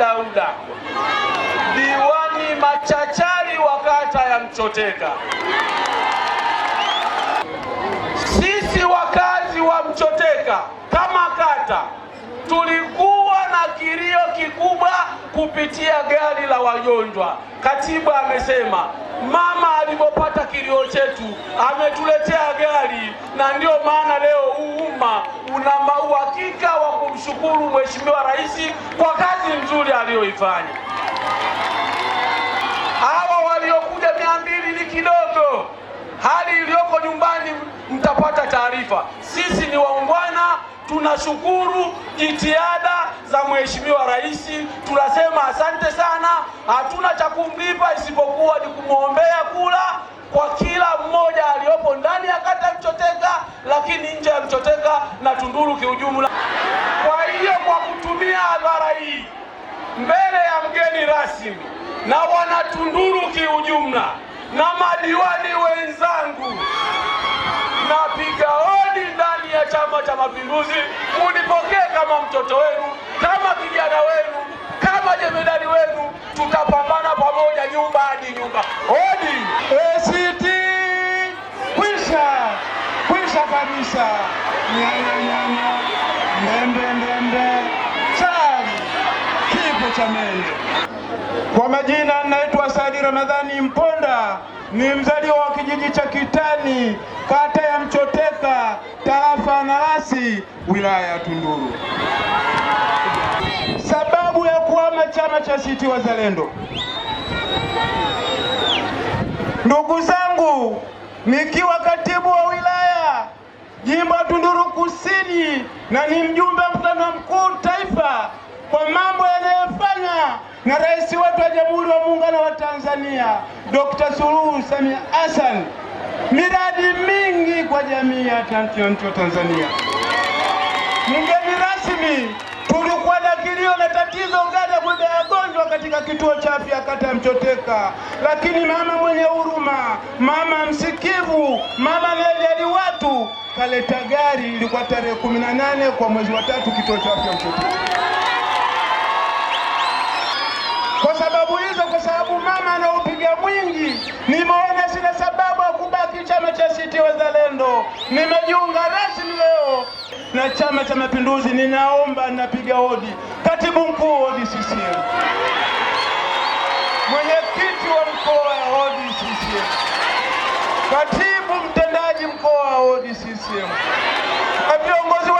Dauda, diwani machachari wa kata ya Mchoteka. Sisi wakazi wa Mchoteka kama kata tulikuwa na kilio kikubwa kupitia gari la wagonjwa. Katibu amesema mama alipopata kilio chetu ametuletea gari, na ndio maana leo tuna uhakika wa kumshukuru Mheshimiwa Rais kwa kazi nzuri aliyoifanya. Hawa waliokuja mia mbili ni kidogo, hali iliyoko nyumbani mtapata taarifa. Sisi ni waungwana, tunashukuru jitihada za Mheshimiwa Rais, tunasema asante sana. Hatuna cha kumlipa isipokuwa ni kumwombea kula kwa kila mmoja aliyopo ndani ya kata Mchoteka, lakini Kikweteka na Tunduru kiujumla. Kwa hiyo kwa kutumia hadhara hii mbele ya mgeni rasmi na wana Tunduru kiujumla na madiwani wenzangu, napiga hodi ndani ya Chama cha Mapinduzi, munipokee kama mtoto wenu, kama kijana wenu, kama jemedari wenu. Tutapambana pamoja, nyumba hadi nyumba. Hodi ACT! Kwisha kwisha kabisa nyanya nyanya, ndembe ndembe, chali kipo cha mende. Kwa majina naitwa Saidi Ramadhani Mponda, ni mzaliwa wa kijiji cha Kitani, kata ya Mchoteka, tarafa ya Narasi, wilaya ya Tunduru. Sababu ya kuhama chama cha ACT Wazalendo, ndugu zangu, nikiwa katibu wa Kusini na ni mjumbe wa mkutano mkuu taifa kwa mambo yanayofanya na rais wetu wa Jamhuri ya Muungano wa Tanzania Dr. Suluhu Samia Hassan, miradi mingi kwa jamii ya nchi wa Tanzania. Mgeni rasmi, tulikuwa na kilio na tatizo katika kituo cha afya kata ya Mchoteka, lakini mama mwenye huruma, mama msikivu, mama anayejali watu kaleta gari, ilikuwa tarehe kumi na nane kwa mwezi wa tatu kituo cha afya Mchoteka kwa sababu hizo, kwa sababu mama anaupiga mwingi, nimeona sina sababu ya kubaki chama cha ACT Wazalendo. Nimejiunga rasmi leo na Chama cha Mapinduzi. Ninaomba, napiga hodi katibu mkuu, wa CCM. katibu mtendaji mkoa wa ODCCM na viongozi